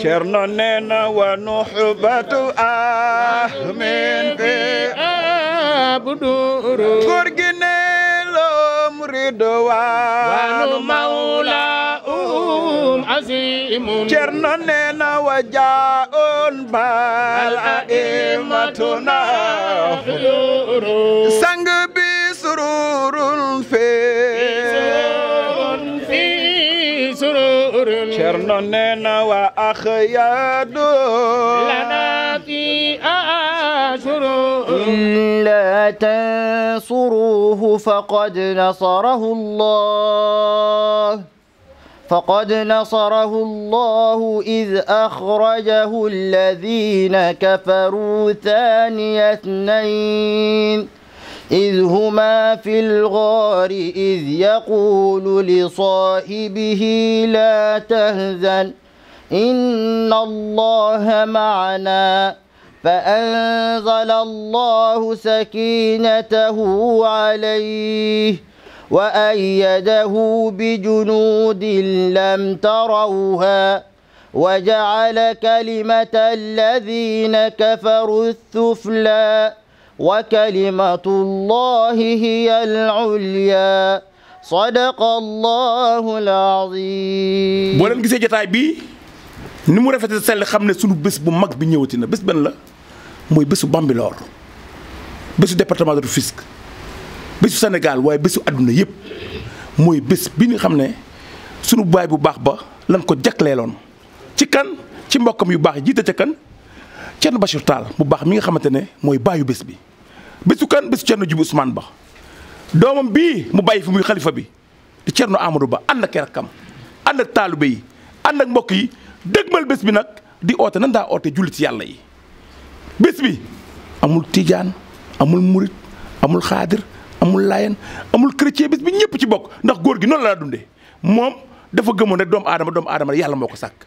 Cerno nena wa nuhbatu ahmin fi abduru góor gi ne lom ridwaan wa nu mawla um azimun Cerno nena wa jaun bal aimatuna sang bi sururun fi خير شرنا لنا في أعاشر إلا لا تنصروه فقد نصره الله فقد نصره الله إذ أخرجه الذين كفروا ثاني اثنين إذ هما في الغار إذ يقول لصاحبه لا تهزن إن الله معنا فأنزل الله سكينته عليه وأيده بجنود لم تروها وجعل كلمة الذين كفروا السفلي وكلمة الله هي العليا صدق الله العظيم بولن غيسي جتاي بي نمو رافتي سال خامنا سونو بس بو ماك بي نيوتينا بس بن لا موي بسو بامبي لور بسو ديبارتمان دو فيسك بسو سنغال واي بسو ادنا ييب موي بس بي ني خامني سونو باي بو باخ با لان كو جاكليلون تي كان تي مبوكم يو باخ جيتا تي كان Thierno Bachir Tall bu baax mi nga xamante ne mooy bàyyu bés bi bésu kan bésu Thierno Djibi Ousmane Ba doomam bii mu bàyyi fi muy xalifa bi di Thierno Amadou Ba ànd ak rakkam ànd ak taalibe yi ànd ak mbokk yi mal bés bi nag di oote nan daa oote jullit yàlla yi bés bi amul tiijaan amul murit amul xaadir amul layen amul chrétien bés bi ñëpp ci bokk ndax góor gi noonu laa dunde moom dafa gëmoon ne doomu aadama doomu aadama yàlla moo ko sàkk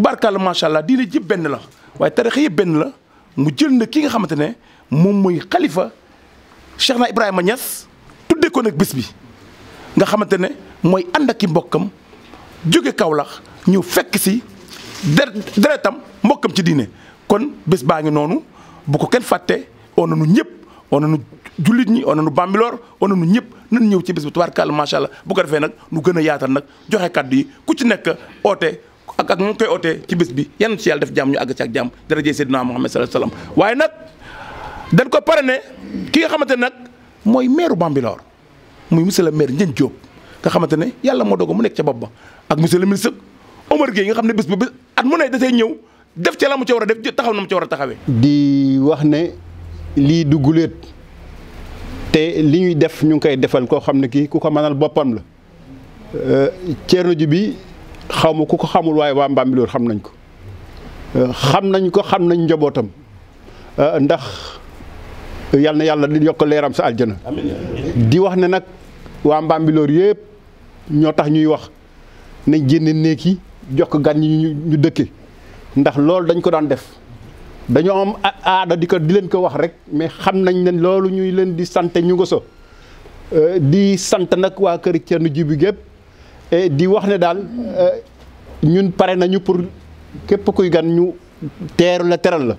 tubaarkàlla macha allah diine jëpp benn la waaye tarixa yëpp benn la mu jël na ki nga xamante ne moom mooy xalifa Cheikhna Ibrahima Niass tuddee ko nag bis bi nga xamante ne mooy ànd ak i mbokkam jóge Kaolack ñëw fekk si deretam mbokkam ci diine kon bés baa ngi noonu bu ko kenn fàtte oo na nu ñëpp oo na nu jullit ñi oo na nu bambiloor oo na nu ñëpp nan ñëw ci bés bi tubaarkàlla macha allah bu ko defee nag nu gën yaatal nag joxe kàddu yi ku ci nekk oote. ak ak mu koy ootee ci bis bi yan ci yàlla def jàmm ñu àgg ci ak jàmm daraje Seydina Muhammad sallallahu alayhi wasallam waaye nag dañ ko parrainé ki nga xamante ne nag mooy maire Bambilor muy monsieur le maire Ndiène Diop nga xamante ne yàlla moo dogal mu nekk ca bopp ba ak monsieur le ministre Omar Gueye nga xam ne bis bu ba at mu ne dasee ñëw def ca la mu ca war a def taxaw na mu ca war a taxawee. di wax ne lii du guléet te li ñuy def ñu ngi koy defal koo xam ne kii ku ko manal boppam la euh, Thierno Diouby. xawma ku ko xamul waaye waa Mbambilor xam nañ ko euh, xam nañ ko xam nañ njabootam euh, ndax yàlla na yàlla di yokk leeram sa aljana di wax ne nag waa Mbambilor yëpp ñoo tax ñuy wax nañ génne néeg yi jox ko gan ñi ñu dëkke ndax loolu dañ ko daan def dañoo am aada di ko di leen ko wax rek mais xam nañ ne loolu ñuy leen di sante ñu ko so euh, di sant nag waa kër Thierno Djiby gépp Eh, di wax ne daal eh, ñun pare nañu pour képp kuy gan ñu teeru la teral la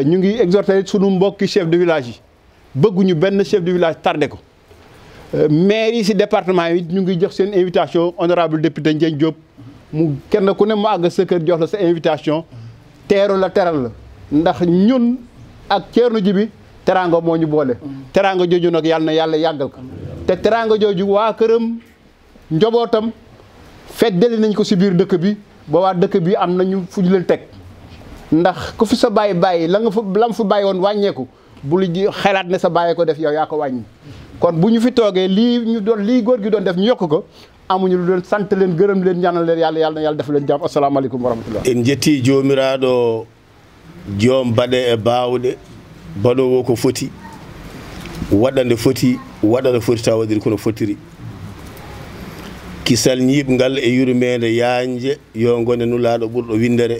eh, ñu ngi exhorté sunu mbokki chef de village yi bëgguñu benn chef de village tardé ko maire yi si département yi ñu ngi jox seen invitation honorable député Ndiagne Diop mu kenn ku ne mu àgg sa kër jox la sa invitation teeru la teral la ndax ñun ak Thierno Djiby teraanga moo ñu boole mm. teraanga jooju nag yàlla na yàlla yàggal ko te teraanga jooju waa këram njobootam feddali nañ ko si biir dëkk bi ba waa dëkk bi am nañu fu ñu leen teg ndax ku fi sa bàyyi bàyyi la nga fa la nga bàyyi woon wàññeeku bul xelaat ne sa bàyyi ko def yow yaa ko wàññi kon bu ñu fi toogee lii ñu doon lii góor gi doon def ñu yokk ko amuñu lu leen sant leen gërëm leen ñaanal leen yàlla yàlla na yàlla def leen jàmm asalaamaaleykum wa rahmatullah en jetti joomiraaɗo joom baɗe e baawɗe baɗowo ko foti waɗande foti waɗa no foti taw waɗiri kono fotiri kisal ñiiɓngal e yurmede yaañde yo gone nulaaɗo ɓurɗo windere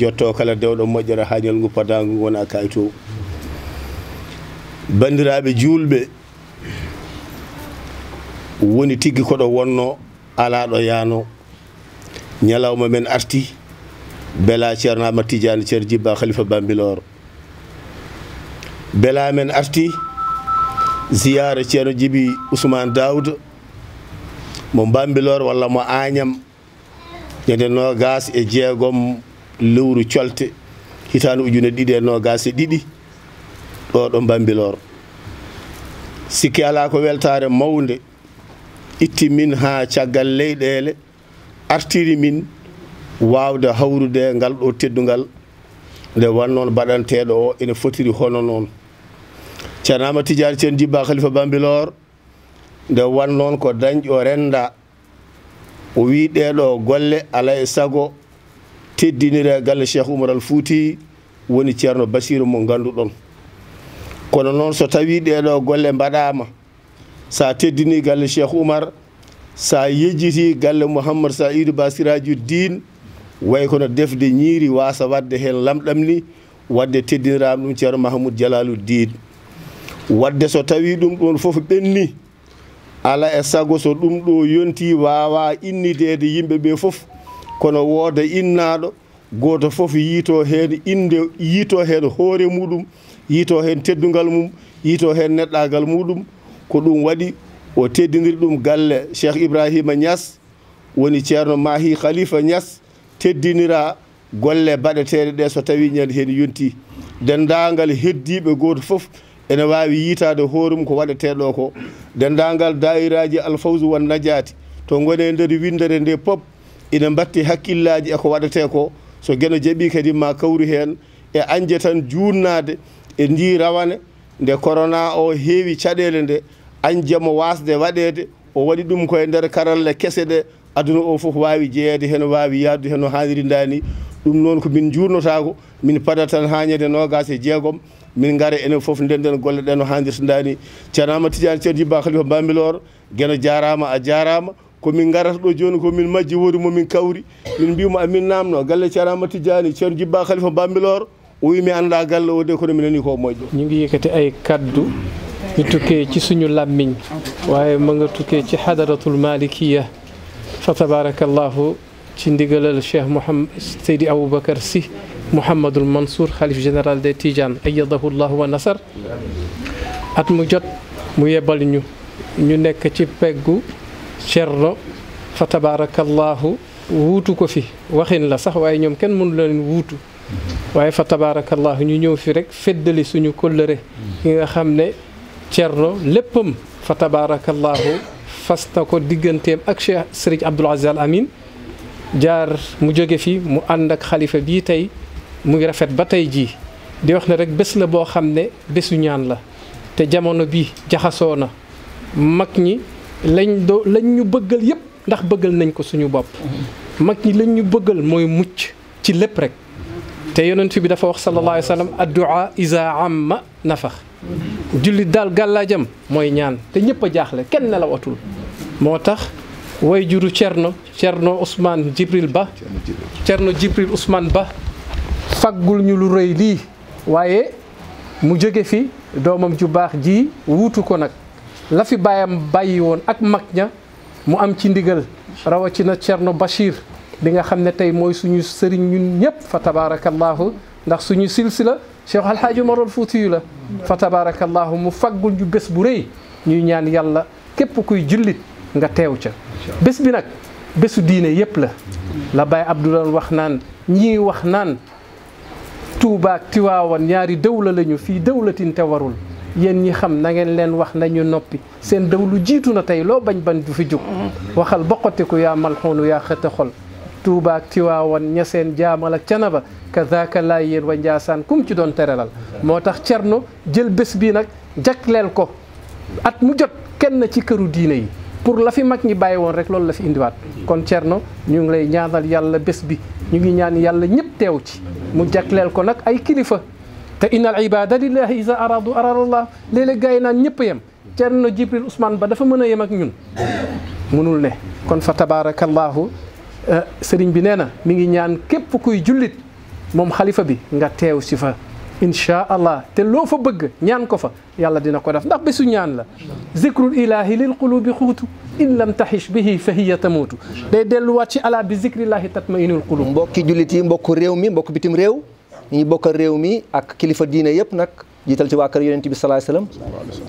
jotto kala dewɗo moƴƴere haañol ngu padangu gona kay to bandiraɓe juulɓe woni tigki koɗo wonno alaaɗo yaano ñalawma men arti bela ceerno amad tidiane ceerno djibba khalifa bambilor bela men arti ziyara ceerno djibi ousmane daoud mo bambilor walla mo agñam ñande nogas e jeegom lewru colte hitane ujune ɗiɗi e nogas e ɗiɗi ɗo ɗo bambilor sikki ala ko weltare mawde itti min ha caggal leyɗele artiri min wawde hawrude ngal ɗo teddugal nde wannoon baɗanteɗo o ene fotiri hono noon ceernama tidiani ceen jibba khalifa bambilor nde wan noon ko dañƴo renda o wiɗeɗo golle alay e sago teddinire e galle cheikh oumar al fouti woni ceerno basiru mo ganduɗon kono noon so tawi ɗeɗo golle mbaɗama sa teddini galle cheikh oumar sa yejjiti galle mouhammad saidou basiraji dine way kono defde ñiiri wasa wadde hen lamɗam ni wadde teddiniram ɗum ceerno mahamoudou dialalu dine wadde so tawi ɗum ɗon foof ɓenni ala e sago so ɗum ɗo yonti wawa innidede yimɓe ɓe foof kono wooda innaɗo goto foof yiito hen inde yiito hen hoore muɗum yiito hen teddugal mum yiito hen neɗɗagal muɗum ko ɗum waɗi o teddidiri ɗum galle cheikh ibrahima nias woni ceerno mahi khalifa nias teddinira golle baɗeteɗe ɗe so tawi ñande hen yonti dendagal heddiɓe goto foof ene wawi yitade hoorum ko waɗeteɗo ko dendagal dairaji alfawsou wan nadiati to gone nder windere nde pop ina batti hakkillaji eko waɗete ko so gueno jaaɓi kadi ma kawri hen e anje tan jurnade e ndi rawane nde corona o heewi caɗele nde anjemo wasde waɗede o waɗi ɗum koye nder karalle kese ɗe aduna o foof wawi jeeyede heno wawi yaadu heno hanirindani ɗum noon ko min jurnotako min padat tan hañede nogas e jeegom min gaare enen fof ndenden golle ɗen no hannirta ndani ceernama tidiani ceerno jibba khalifa bambilor gueno jarama a jarama komin garata ɗo joni komin majji woodi momin kawri min mbimo amin namno galle ceernama tidiani ceerno jibba khalifa bambilor o wimi annda galle o de kono minani ko moƴƴo ñu ngi yëkkati ay kaddu yu tukkee ci suñu làmmiñ waaye ma nga tukkee ci hadaratul malikiya fa tabarakallahu ci ndigalal cheikh mouhamad seydi aboubacar sy محمد المنصور خليفة جنرال دي تيجان أيضه الله ونصر أت مجد ميبال نيو نيو نيكا تي بيغو شر فتبارك الله ووتو كفي وخين لا صح واي نيوم كين مون لين ووتو واي فتبارك الله نيو نيو في رك فدلي سونو كولري كيغا خامني تيرو ليبم فتبارك الله فاستكو ديغنتيم اك شيخ سريج عبد العزيز الامين جار مو في مو اندك خليفه بي mu ngi rafet ba tay ji di wax ne rek bés la bo xamne bésu ñaan la te jamono bi jaxasoo na mag ñi lañ do lañ ñu bëggal yépp ndax bëggal nañ ko suñu bop mag ñi lañ ñu bëggal moy mucc ci lépp rek te yonent bi dafa wax sallallahu alayhi wasallam addu'a iza amma nafakh julli dal galajam moy ñaan te ñëpp jaaxle kenn la watul motax way juru cerno cerno usman Jibril Ba cerno Jibril usman Ba fagul ñu lu reuy li waye mu jóge fi domam ju bax ji wutu ko nak la fi bayam bàyyi won ak mag mu am ci ndigal na Thierno bashir bi nga xamne tay moy suñu sëriñ ñun ñep fa tabarakallah ndax suñu silsila Cheikh Alhaaji Umarul Fuutiyu la fa tabarakallah mu fagul ju bés bu reuy ñuy ñaan yàlla kep kuy jullit nga tew ca bés bi nak bésu diine yep la la bay Abdoulaye wax naan ñi wax naan Touba ak Tiwaawan ñaari dawla lañu fii dawlatin te warul yéen ñi xam nangeen leen wax nañu noppi seen dawlu jiitu na tey loo bañ bañ du fi jóg waxal boqatiku yaa malxuunu yaa xëtt xol Touba ak Tiwaawan ña seen jaamal ak canaba kazaaka laay yéen wa njaasaan kum ci doon teralal moo tax cerno jël bés bi nag jagleel ko at mu jot kenn ci këru diine yi pour la fi mag ñi bàyyi woon rek loolu la fi indiwaat kon Thierno ñu ngi lay ñaanal yàlla bés bi ñu ngi ñaan yàlla ñëpp teew ci mu jagleel ko nag ay kilifa te innal ibada lillahi isa aradu aradallah léeg-léeg gars yi naan ñëpp yem Thierno Jibril Ousmane ba dafa mën a yem ak ñun munul ne kon fa tabarakallahu eh, sëriñ bi nee na mi ngi ñaan képp kuy jullit moom xalifa bi nga teew si fa inchaa allah te loo fa bëgg ñaan ko fa yàlla dina ko def ndax bésu ñaan la zikrul ilahi lil qulubi xuutu in lam taxish bihi fa hiya tamuutu day delluwaat ci ala bi zikrillahi tatmainul qulub mbokki jullit yi mbokk réew mi mbokk bitim réew ñu bokkal réew mi ak kilifa diine yëpp nag jiital ci waa kër yonent bi salaay salaam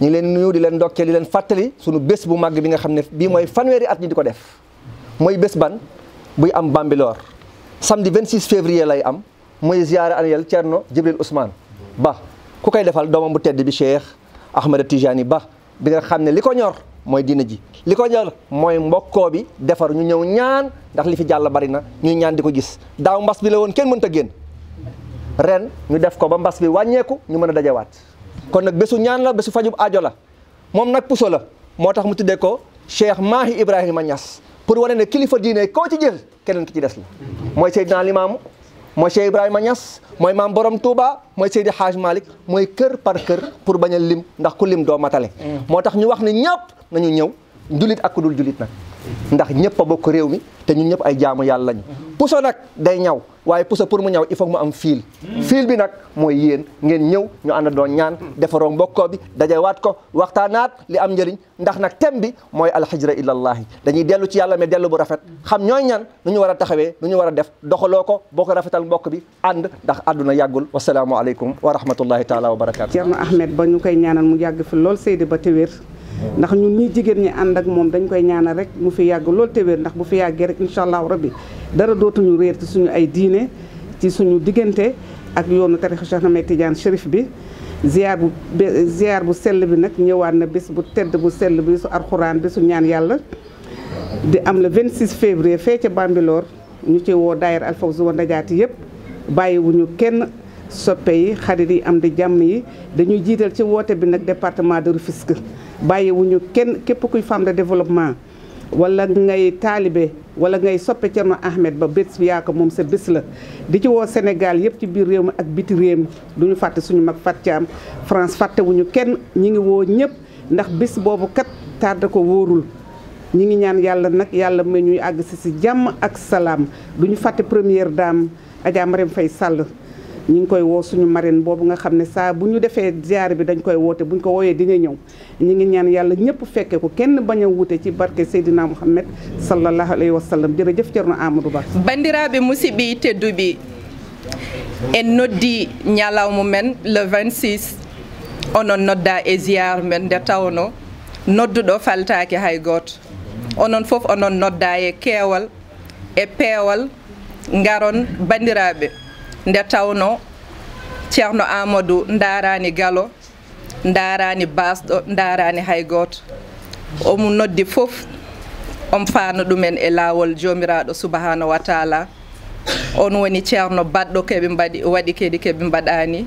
ñu leen nuyu di leen ndokkee di leen fàttali sunu bés bu màgg bi nga xam ne bii mooy fanweeri at ñi di ko def mooy bés ban buy am Bambilor samedi 26 février lay am muy ziyaara annuel Thierno Jibril Ousmane Ba ku koy defal doomam bu tedd bi Cheikh Ahmed Tijani Ba bi nga xam ne li ko ñor mooy diina ji li ko ñor mooy mbokkoo bi defar ñu ñëw ñaan ndax li fi jàll bari na ñuy ñaan di ko gis daaw mbas bi la woon kenn mënta génn ren ñu def ko ba mbas bi wàññeeku ñu mën a dajawaat kon nag bésu ñaan la bésu fajub aajo la moom nag puso la moo tax mu tuddee ko Cheikh Mahi Ibrahima ñas pour wane ne kilifa diine ko ci jël keneen ki ci des la mooy Seydina Limaamu moy cheikh ibrahima nias moy mam borom touba moy seydi haj malik moy keur par keur pour baña lim ndax ku lim do matale mm. motax ñu wax ni ñep nañu ñew julit ak kudul julit nak ndax ñëpp a bokk réew mi te ñu ñëpp ay jaamu yàlla lañ puso nag day ñaw waaye puso pour mu ñaw il faut mu am fiil fiil bi nag mooy yéen ngeen ñëw ñu ànd doon ñaan defaroo mbokkoo bi dajawaat ko waxtaanaat li am njariñ ndax nag thème bi mooy alxijra ilallahi dañuy dellu ci yàlla mais dellu bu rafet xam ñooy ñan nu ñu war a taxawee nu ñu war def doxaloo ko boo ko rafetal mbokk bi ànd ndax àdduna yàggul wasalaamualeykum wa rahmatullahi taala wa barakaatu. Thierno Ahmed ba ñu koy ñaanal mu yàgg fi lool Seydi ba te wér ndax ñun ñi jigéen ñi ànd ak mom dañ koy ñaanal rek mu fi yag lool te wér ndax bu fi yàggee rek inshallah rabbi dara dootu ñu réer ci suñu ay diine ci suñu diggante ak yoonu tarikh Cheikh Ahmed Tidiane Chérif bi ziar bu ziar bu sel bi nak ñëwaat na bés bu tedd bu sel bi su alcorane bi su ñaan yàlla di am le 26 février fe ci Bambilor ñu ci wo daayira Alfawzu wa Najaati yëpp wuñu kenn soppe yi xarit yi am di jàmm yi dañuy jiital ci wote bi nak département de Rufisque bàyyiwuñu kenn képp kuy femme de développement wala ngay taalibe wala ngay soppe Thierno Ahmed Ba bés yaa ko moom sa bés la di ci woo Sénégal yëpp ci biir réew mi ak biti réew mi du ñu fàtte suñu mag fàtte am France fàttewuñu kenn ñi ngi woo ñëpp ndax bés boobu kat tardé ko wóorul ñi ngi ñaan yàlla nag yàlla may ñuy àgg si si jàmm ak salaam du ñu fàtte première daam Adja Marème Faye Sall ñu ngi koy woo suñu marine boobu nga xam ne saa bu ñu defee ziar bi dañ koy woote buñ ko wooyee dina ñëw ñu ngi ñaan yàlla ñëpp fekke ko kenn bañ a wute ci barke seydina mohammed salallahu aleyhi wasallam jërëjëf cerno amadou ba bandiraabe musibe yi tëdd bi en noddi ñalaw mu men le 26 onon nodda e ziar men nde tawno nodduɗo faltaake hay gooto onon fof onon nodda e keewal e peewal ngaron bandiraaɓe nde tawno ceerno amadou ndaarani galo ndaarani basɗo ndaarani hay gooto omo noddi fof on faano ɗumen e laawol joomiraaɗo subahanahu wa taala on woni ceerno baɗɗo keɓe mbaɗi waɗi kedi keɓe mbaɗaani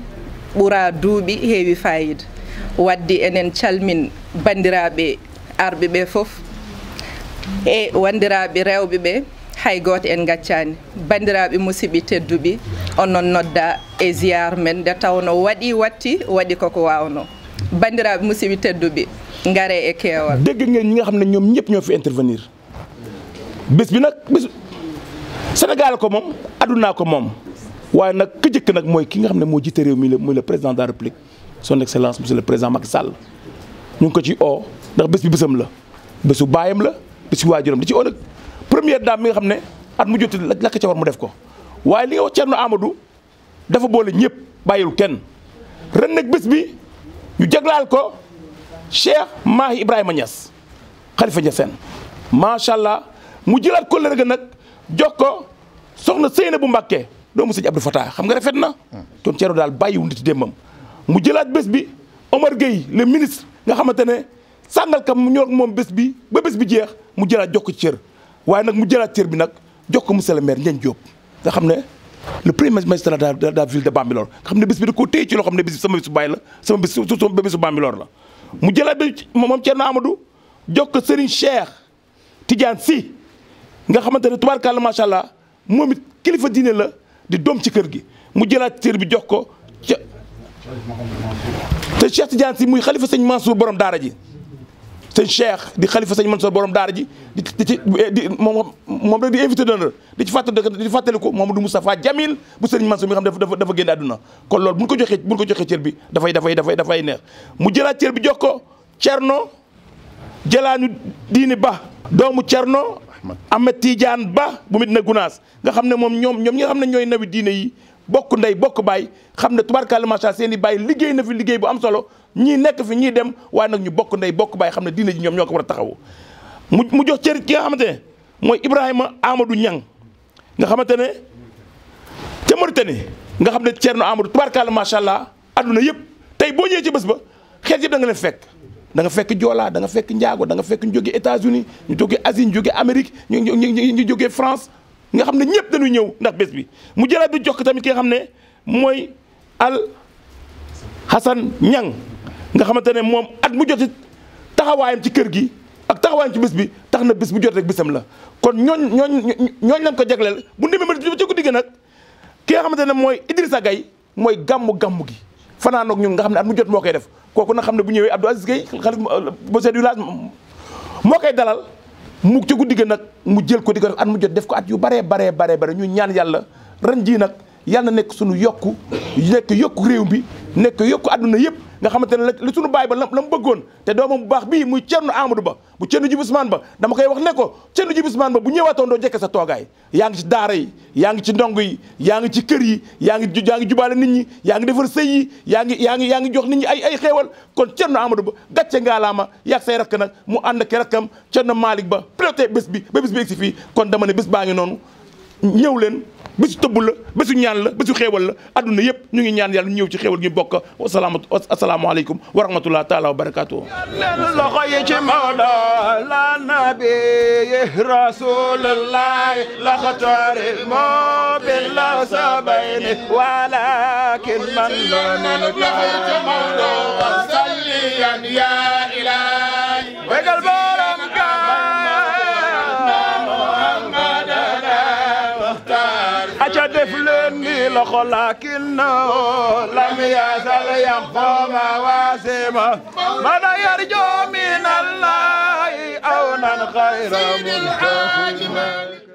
ɓuraa duuɓi heewi fayida waddi enen calmin bandiraaɓe arɓe ɓe fof e wandiraaɓe rewɓe ɓee hay goto en gaccani bandiraɓe musidɓe tedduɓe onon nodda e ziyar men nde tawno waɗi watti waɗi koko wawno bandiraɓe musidɓe tedduɓe gaare e kewal dégg ngeen ñi nga xam ne ñoom ñëpp ñoo fi intervenir bés bi nag bés Sénégal ko moom aduna ko moom waaye nag ku jëkk nag mooy ki nga xam ne moo jiite réew mi muy le président de la république son excellence monsieur le président Macky Sall ñu ngi ko ci oo ndax bés bi bésam la bésu baayam la bésu waajuram di ci oo nag première dame mi nga xam ne at mu jot la ca war mu def ko waaye li nga Thierno amadu dafa boole ñëpp bàyyiwul kenn ren nag bés bi ñu jaglaal ko Cheikh Mahi Ibrahima Niass xalifa Niassène macha allah mu jëlaat ko lërëg nag jox ko soxna Seyna bu Mbàkke doomu sëñ Abdou Fatah xam nga rafet na kon Thierno daal bàyyiwul nit démbam mu jëlaat bés bi Omar Gueye le ministre nga xamante ne sàngal kam mu ñor moom bés bi ba bés bi jeex mu jëlaat jox ko ci waaye nag mu jëlaat cër bi nag jox ko monsieur le maire Ndiagne Diop nga xam ne le premier magistrat de la ville de Bambilor nga xam ne bés bi da koo téye ci loo xam ne bés bi sama bésu baay la sama bés sama bésu la mu jëlaat bi moom Thierno Amadou jox ko Serigne Cheikh Tidiane Sy nga xamante ne tubaarkàlla macha allah moom it kilifa diine la di doom ci kër gi mu jëlaat cër bi jox ko ca te Cheikh Tidiane Sy muy xalifa sëñ Mansour borom daara ji sëñ Cheikh di xalifa sëñ Mansour borom daara ji di di ci eh, di moom moom rek di invité d'honneur di ci fàttali di fàttali ko Mamadou Moustapha Jamil bu sëñ Mansour mi nga xam dafa dafa génn àdduna kon loolu bu mu ko joxee bu ñu ko joxee cër bi dafay dafay dafay dafay neex mu jëlaat cër bi jox ko Cerno jëlaanu diini ba doomu Cerno Ahmed Tidiane ba bu mit na Gunaas nga xam ne moom ñoom ñoom ñi nga xam ñooy nawi diine yi bokk ndey bokk baay xam ne tubarkalla macha seen seeni baay liggéey na fi liggéey bu am solo ñii nekk fi ñii dem waaye nag ñu bokk ndey bokk baay xam ne diine ji ñoom ñoo ko war a taxawu mu mu jox cer ki nga xamante ne mooy Ibrahima Amadou Niang nga xamante ne ca Mauritanie nga xam ne Thierno Amadou tubarkalla macha allah adduna yëpp tey boo ñëwee ci bës ba xeet yëpp da nga leen fekk. da nga fekk joolaa da nga fekk njaago da nga fekk ñu jógee États-Unis ñu jógee Asie ñu jógee Amérique ñu ñu ñu jógee France nga xam ne ñëpp dañuy ñëw ndax bés bi mu jëlaat bi jox ko tamit ki nga xam ne mooy al Hassan Niang nga xamante ne moom at mu jot taxawaayam ci kër gi ak taxawaayam ci bés bi tax na bés bu jot rek bésam la kon ñooñ ñooñ ñooñ lañ ko jagleel bu demee ba ci ko gi nag ki nga xamante ne mooy Idrissa Gaye mooy gàmmu gàmmu gi fanaan ak ñun nga xam ne at mu jot moo koy def kooku nag xam ne bu ñëwee Abdou Aziz Gueye xalif ba seet village moo koy dalal mu ca guddi ga nag mu jël ko di at mu jot def ko at yu baree baree baree bare ñu ñaan yàlla ren jii nag yàlla nekk suñu yokku nekk yokku réew bi nekk yokku àdduna yëpp nga xamante ne la suñu baay ba la la mu bëggoon te doomam bu baax bii muy Thierno Amadou Ba bu Thierno Djiby Ousmane Ba dama koy wax ne ko Thierno Ba bu ñëwaatoon doo jekke sa toogaay yaa ngi ci daara yi yaa ngi ci yi yaa ngi ci kër yi yaa ngi yaa ngi jubaale nit ñi yaa ngi defar sëy yaa ngi yaa ngi yaa ngi jox nit ñi ay ay xeewal kon Thierno Amadou Ba gàcce ngaalaama yàgg say rakk nag mu ànd ak rakkam Thierno Malick Ba piloté bés bi ba bés bi egsi fii kon dama ne bés baa ngi noonu ñëw leen bésu tëbb la bésu ñaan la bésu xéewal la adduna yëpp ñu ngi ñaan yàlla ñëw ci xéewal ñu bokk wasalaamatu asalaamaaleykum wa rahmatullah taala wa barakaatu leen loxo yi ci la nabi rasulullah laxataril moo bi la sabayni walakin man la wa salliyan ya ilahi يخلق لكنه لم يزل يقوم واسما من يرجو من الله أونا خير من